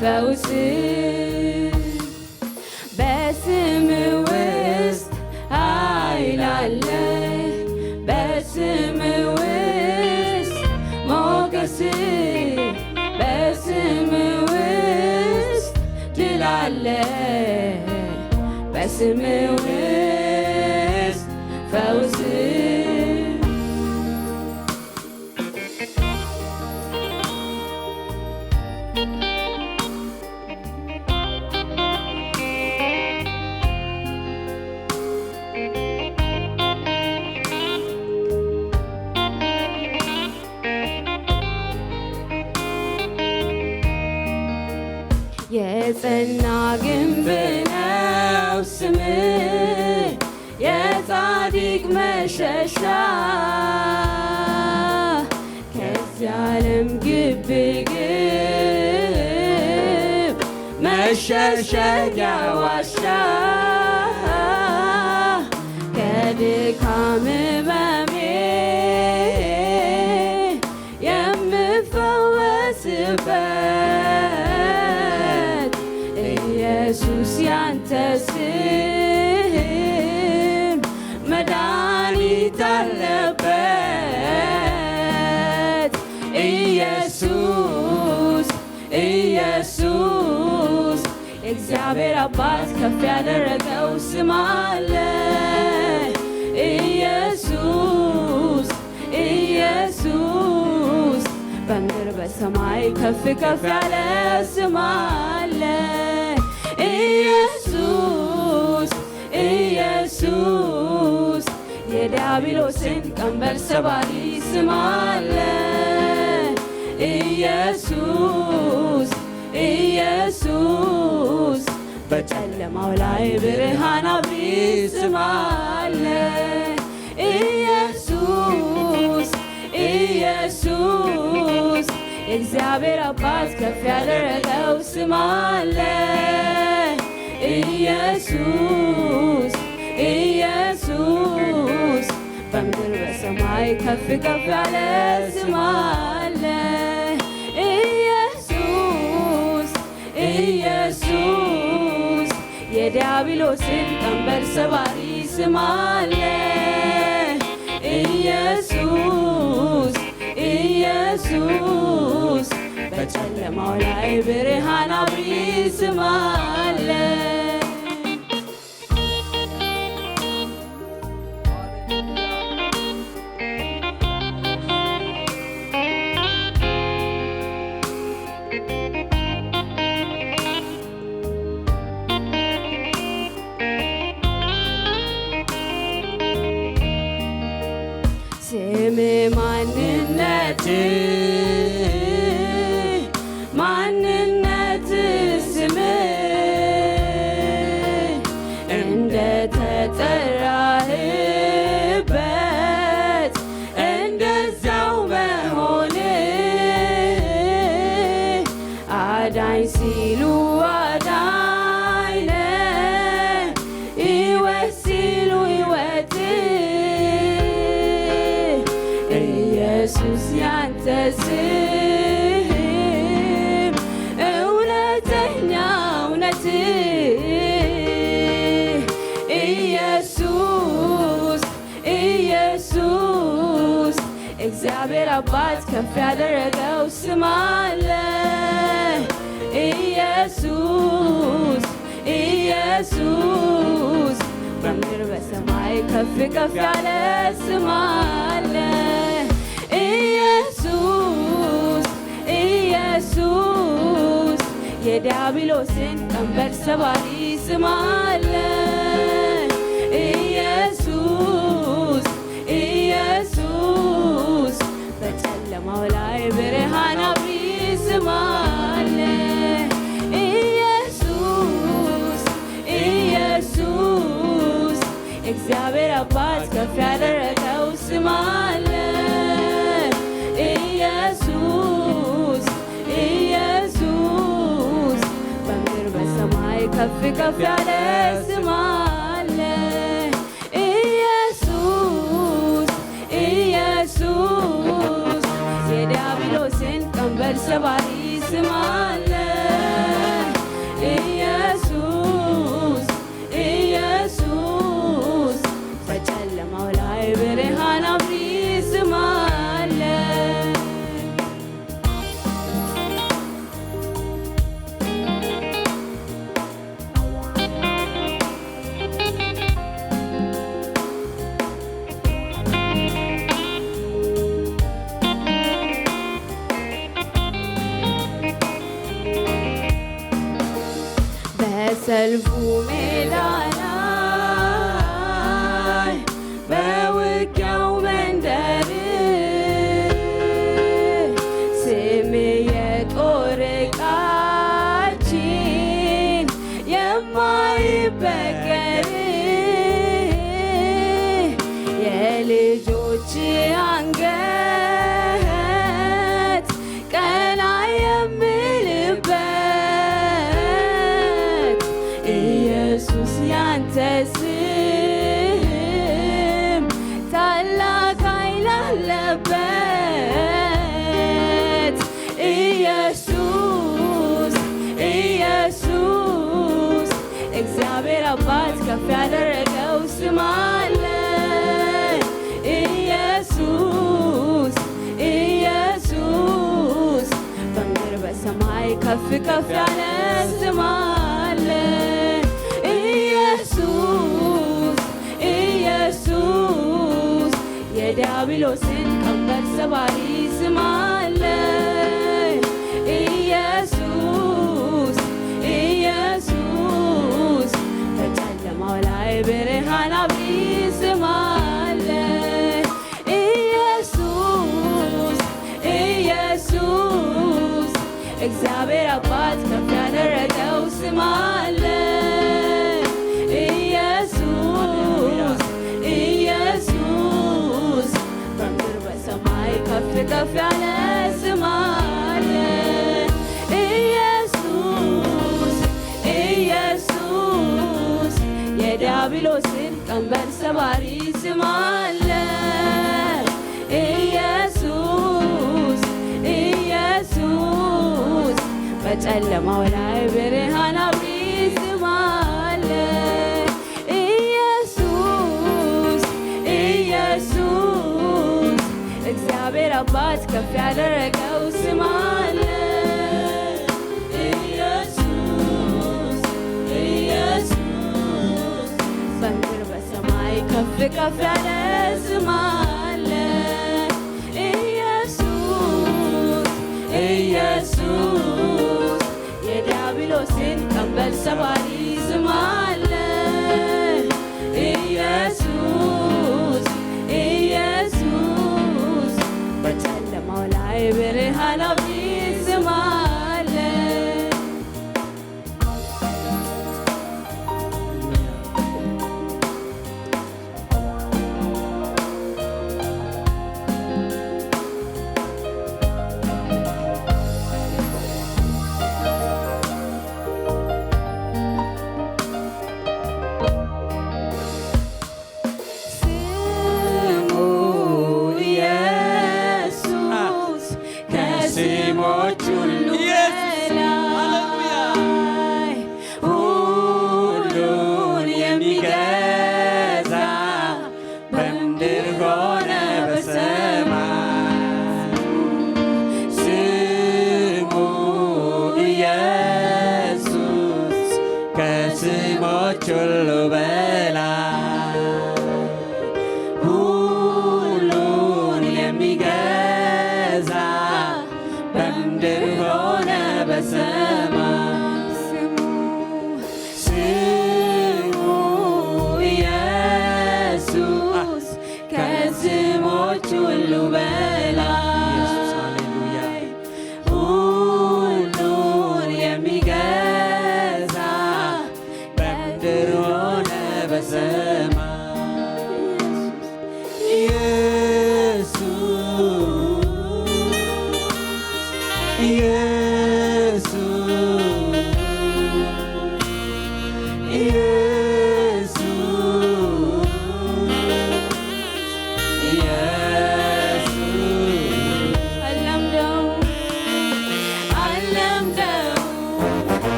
ፈውስ በስም ውስጥ ኃይል አለ በስም ውስጥ ሞገስ በስም ውስጥ ድል አለ በስም شاشة كاس يعلم جيب جيب مشى شجع وشا كادي كامل እግዚአብሔር አባት ከፍ ያደረገው ስም አለ። ኢየሱስ ኢየሱስ በምድር በሰማይ ከፍ ከፍ ያለ ስም አለ። ኢየሱስ ኢየሱስ የዲያብሎስን ቀንበር ሰባሪ ስም አለ። ኢየሱስ ኢየሱስ በጨለማው ላይ ብርሃን አብሪት ስም አለ። ኢየሱስ ኢየሱስ የእግዚአብሔር አባት ከፍ ያደረገው ስም አለ። ኢየሱስ ኢየሱስ በምድር በሰማይ ከፍ ከፍ ያለ ስም አለ። ዲያብሎስን ቀንበር ሰባሪ ስም አለ ኢየሱስ ኢየሱስ በጨለማው ላይ ብርሃን አብሪ ስም አለ ሲሉ አዳነ ሕይወት ሲሉ ሕይወት ኢየሱስ ያንተ ስም እውነተኛ እውነት ኢየሱስ ኢየሱስ እግዚአብሔር አባት ከፍ ያደረገው ስም አለ ኢየሱስ ኢየሱስ በምድር በሰማይ ከፍ ከፍ ያለ ስም አለ ኢየሱስ ኢየሱስ የዲያብሎስን ቀንበር ሰባሪ ስም አለ ኢየሱስ ኢየሱስ በጨለማው ላይ ብርሃን አባት ከፍ ያደረገው ስም አለ። ኢየሱስ ኢየሱስ በምድር በሰማይ ከፍ ከፍ ያለ ስም አለ። ኢየሱስ ኢየሱስ የዲያብሎስን ቀንበር ሰባሪ ስም ኢየሱስ ኢየሱስ በሰማይ ከፍ ከፍ ያለ ስም አለ ኢየሱስ ኢየሱስ የዲያብሎስን ቀንበር ሰባሪ ስም አለ ኢየሱስ ኢየሱስ በጨለማው ላይ ብር እግዚአብሔር አባት ከፍ ያደረገው ስም አለ። ኢየሱስ ኢየሱስ በምድር በሰማይ ከፍ ከፍ ያለ ስም አለ። ኢየሱስ ኢየሱስ የዲያብሎስን ቀንበር ሰባሪ ስም አለ። በጨለማው ላይ ብርሃን አብሪት ዝማለ ኢየሱስ ኢየሱስ እግዚአብሔር አባት ከፍ ያደረገው ስም አለ ኢየሱስ ኢየሱስ በምድር በሰማይ ከፍ ከፍ ያለ somebody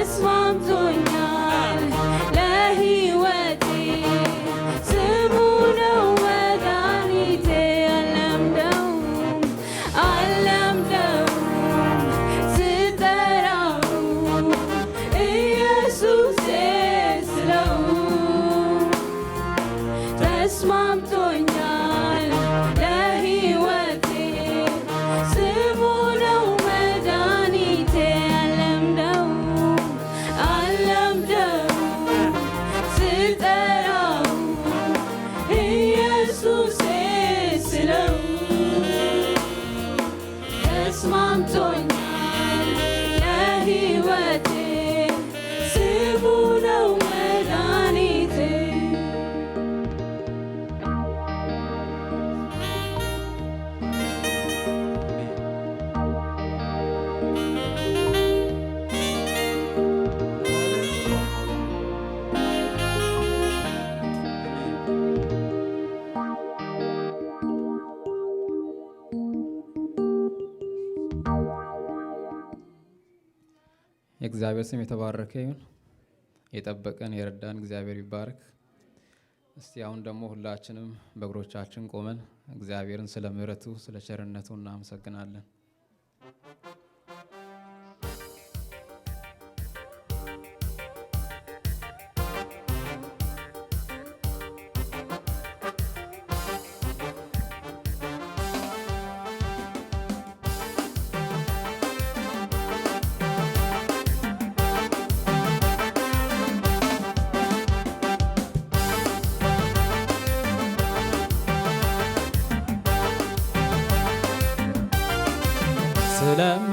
Christ, one to you. እግዚአብሔር ስም የተባረከ ይሁን። የጠበቀን የረዳን እግዚአብሔር ይባረክ። እስቲ አሁን ደግሞ ሁላችንም በእግሮቻችን ቆመን እግዚአብሔርን ስለ ምረቱ ስለ ቸርነቱ እናመሰግናለን።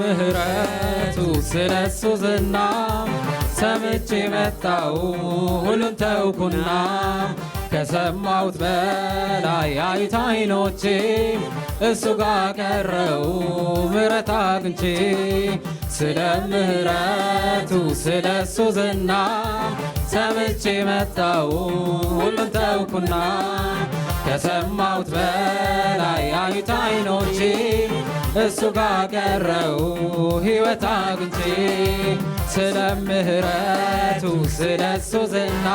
ምህረቱ ስለሱ ዝና ሰምቼ መጣው ሁሉን ተውኩና ከሰማሁት በላይ አዩት አይኖቼ እሱ ጋ ቀረው ምህረት አግኝቼ ስለ ምህረቱ ስለሱ ዝና ሰምቼ መጣው ሁሉን ተውኩና ከሰማሁት በላይ አዩት አይኖቼ እሱ ጋር ቀረው ሕይወት አግኝቼ ስለ ምሕረቱ ስለ እሱ ዝና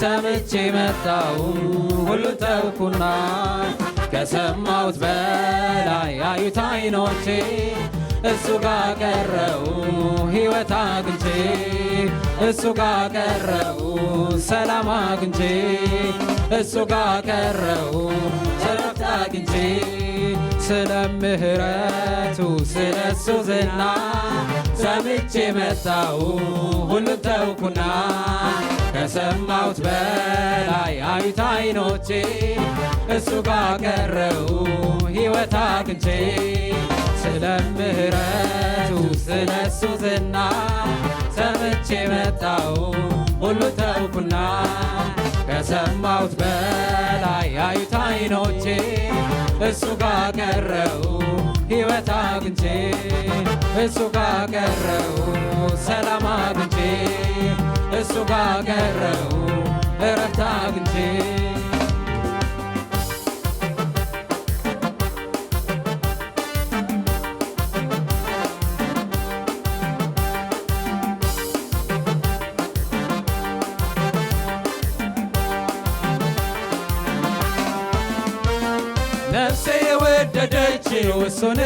ሰምቼ መጣው ሁሉ ተውኩና ከሰማሁት በላይ ያዩት ዓይኖቼ እሱ ጋር ቀረው ሕይወት አግኝቼ እሱ ጋር ቀረው ሰላም አግኝቼ እሱ ጋር ቀረው ሰላም አግኝቼ ስለ ምሕረቱ ስለ እሱ ዝና ሰምቼ መጣው ሁሉ ተውኩና ከሰማሁት በላይ አዩት አይኖቼ እሱ ጋር ቀረው ሕይወት አግኝቼ ስለ ምሕረቱ ስለ እሱ ዝና ሰምቼ መጣው ሁሉ ተውኩና ከሰማሁት በላይ ያዩት አይኖቼ እሱ ጋር ቀረው ሕይወት አግኝቼ እሱ ጋር ቀረው ሰላም አግኝቼ እሱ ጋር ቀረው እረፍት አግኝቼ እሱን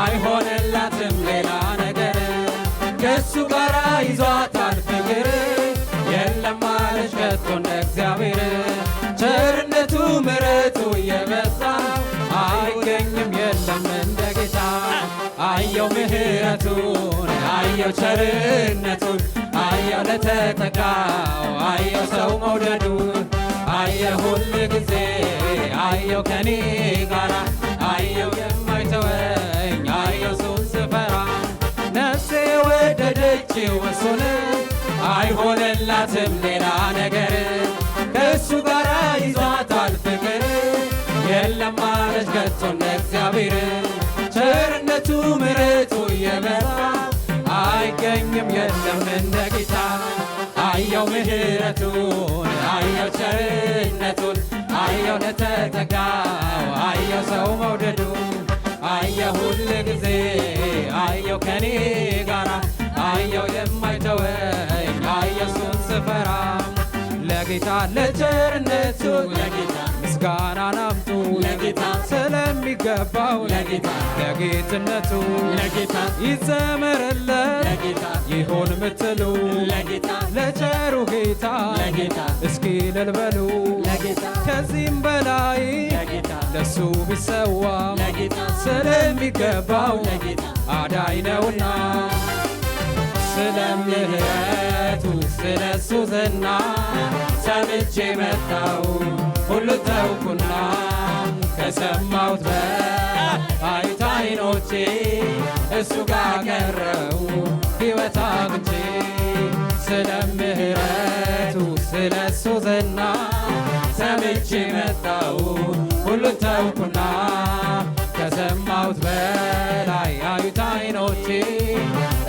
አይሆንላትም ሌላ ነገር ከእሱ ጋር ይዟታል ፍቅር የለም አለች ከቶ እንደ እግዚአብሔር ቸርነቱ ምረቱ እየበዛ አይገኝም የለም እንደ ጌታ አየው ምህረቱን አየው ቸርነቱን አየው ለተጠቃው አየው ሰው መውደዱ አየው ሁል ጊዜ አየው ከኔ ጋራ አየው ያለችው እሱን አይሆንላትም ሌላ ነገር ከእሱ ጋር ይዟታል ፍቅር የለም ማለች ከቶ እግዚአብሔር ቸርነቱ ምሕረቱ የበዛ አይገኝም የለም እንደ ጌታ አየው ምህረቱን አየው ቸርነቱን አየው ለተጠጋው አየው ሰው መውደዱ አየው ሁል ጊዜ አየው ከኔ ጋራ አየው የማይተወኝ ኢየሱስን ስፈራ ለጌታ ለቸርነቱ ምስጋናን አምጡ ስለሚገባው ለጌትነቱ ይዘመርለት ይሆን ምትሉ ለቸሩ ጌታ እስኪ እልል በሉ ከዚህም በላይ ለሱ ቢሰዋ ስለሚገባው አዳኝ ነውና ስለ ምህረቱ ስለ እሱ ዝና ሰምቼ መጣው ሁሉ ተውኩና ከሰማሁት በአይታ አይኖቼ እሱ ጋ ቀረው ሕይወት አግቼ ስለ ምህረቱ ስለ እሱ ዝና ሰምቼ መጣው ሁሉ ተውኩና ከሰማሁት በላይ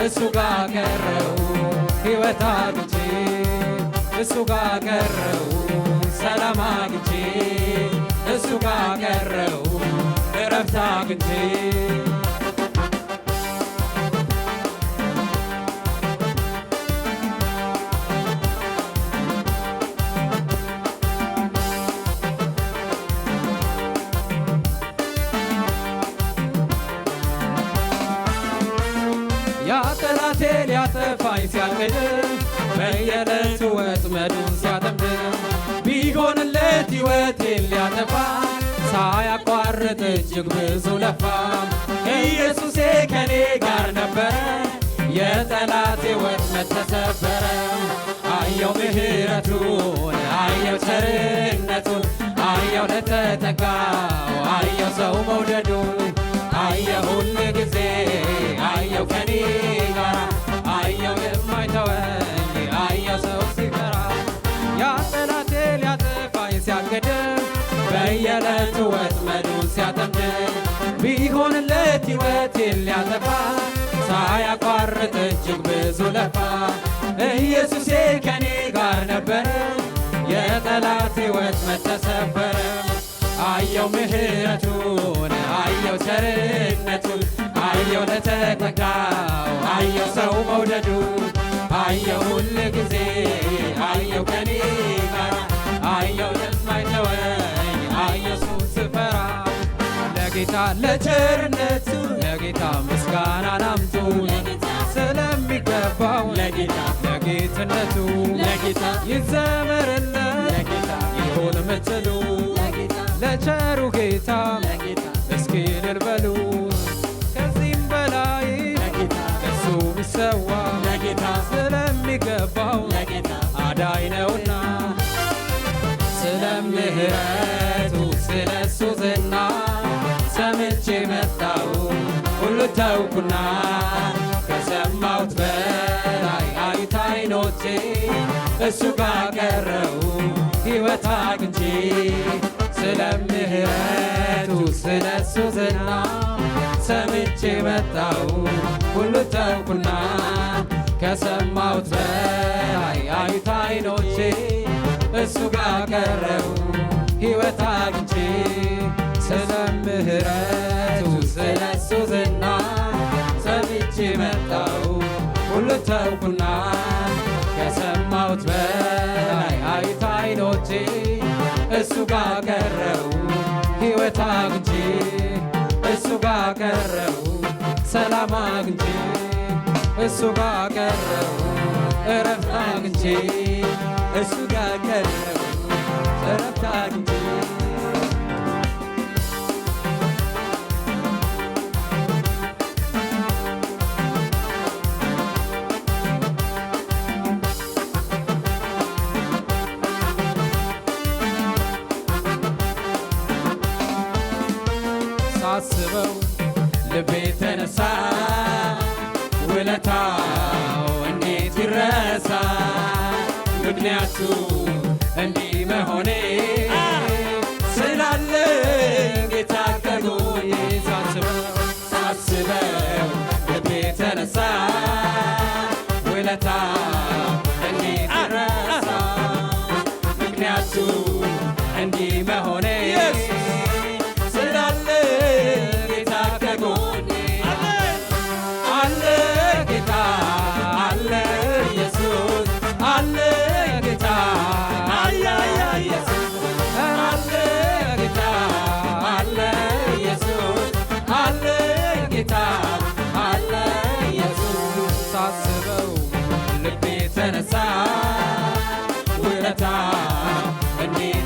እሱ ጋር ቀረው ሕይወት አግቼ እሱ ጋ ቀረው ሰላም አግቼ እሱ ጋር ቀረው እረፍት አግቼ ሲያቅድ በየዕለቱ ወጥመዱን ሲያጠምድ ቢሆንለት ሕይወቴን ሊያጠፋ ሳያቋርጥ እጅግ ብዙ ለፋ። ኢየሱሴ ከኔ ጋር ነበረ፣ የጠላቴ ወጥመድ ተሰበረ። አየው ምሕረቱን፣ አየው ቸርነቱን፣ አየው ለተጠቃው፣ አየው ሰው መውደዱን፣ አየው ሁል ጊዜ አየው ከኔ ጋር በየዕለቱ ወጥመዱን ሲያጠምድ ቢሆንለት ሕይወቴን ሊያጠፋ ሳያቋርጥ እጅግ ብዙ ለፋ። ኢየሱሴ ከኔ ጋር ነበረ፣ የጠላት ወጥመድ ተሰበረ። አየው ምሕረቱን፣ አየው ቸርነቱን፣ አየው ለተጠጋው፣ አየው ሰው መውደዱ፣ አየው ሁል ጊዜ፣ አየው ከኔ ጋር አየው ለጌታ ለቸርነቱ ለጌታ ምስጋና ናምጡ ስለሚገባው ለጌታ ለጌትነቱ ለጌታ ይዘመር እሱ ጋር ቀረው ሕይወት አግንቼ ስለ ምሕረቱ ስለ እሱ ዝና ሰምቼ መጣው ሁሉ ተውኩና ከሰማሁት በላይ አዩት አይኖቼ እሱ ጋር ቀረው ሕይወት አግንቼ ስለ ምሕረቱ ስለ እሱ ዝና ሰምቼ መጣው ሁሉ ተውኩና በላሁት በላይ አይታ አይኖቼ እሱ ጋር ቀረው ሕይወት አግኝቼ እሱ ሰላም አግኝቼ እሱ እረፍት አግኝቼ እሱ እረፍት አግኝቼ ይረሳ እንዴት ይረሳ ምክንያቱ እንዲህ መሆኔ ውለታ እንዴ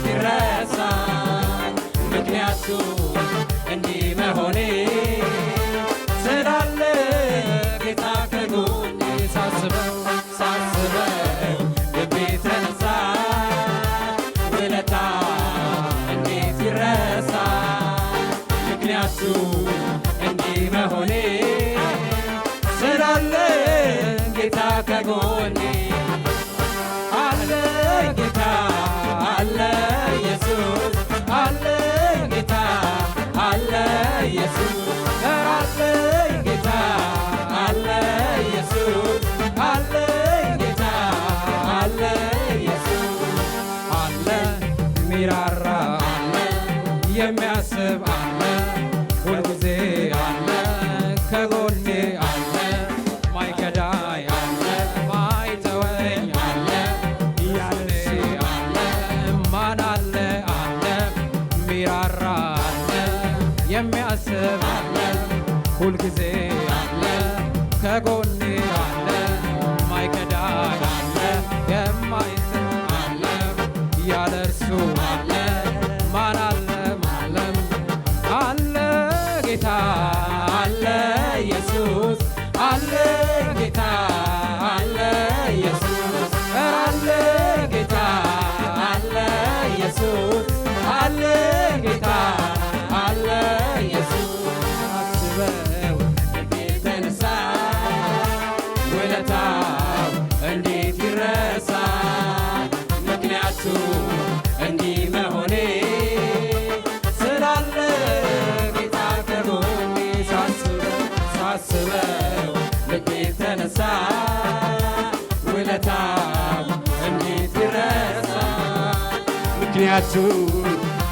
አደረጋችሁ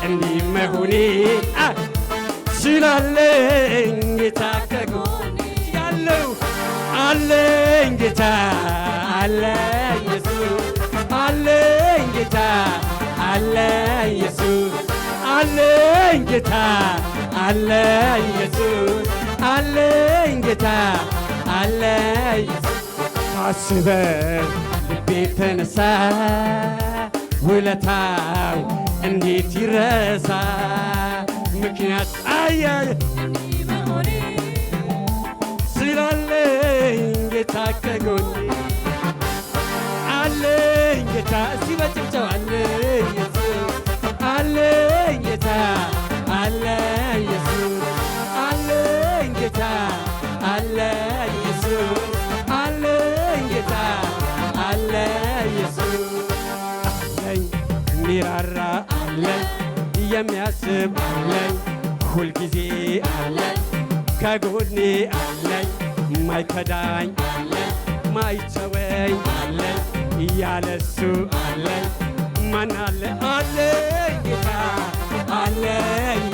እንዲህ መሆኔ ስላለኝ ጌታ ከጎኔ ያለው አለኝ ጌታ አለኝ ኢየሱስ አለኝ ጌታ አለኝ ኢየሱስ አለኝ ጌታ አለኝ ኢየሱስ አለኝ ጌታ አለኝ ታስበ ልቤ ተነሳ ውለታው እንዴት ይረሳ ምክንያት አያይ ስላለኝ ጌታ ከጎኔ አለኝ ጌታ እስቲ በጭብጨባ አለኝ ስም አለኝ ሁልጊዜ አለኝ ከጎኔ አለኝ ማይከዳኝ አለኝ ማይተወኝ አለኝ እያለሱ አለኝ ማናለ አለኝ ጌታ አለኝ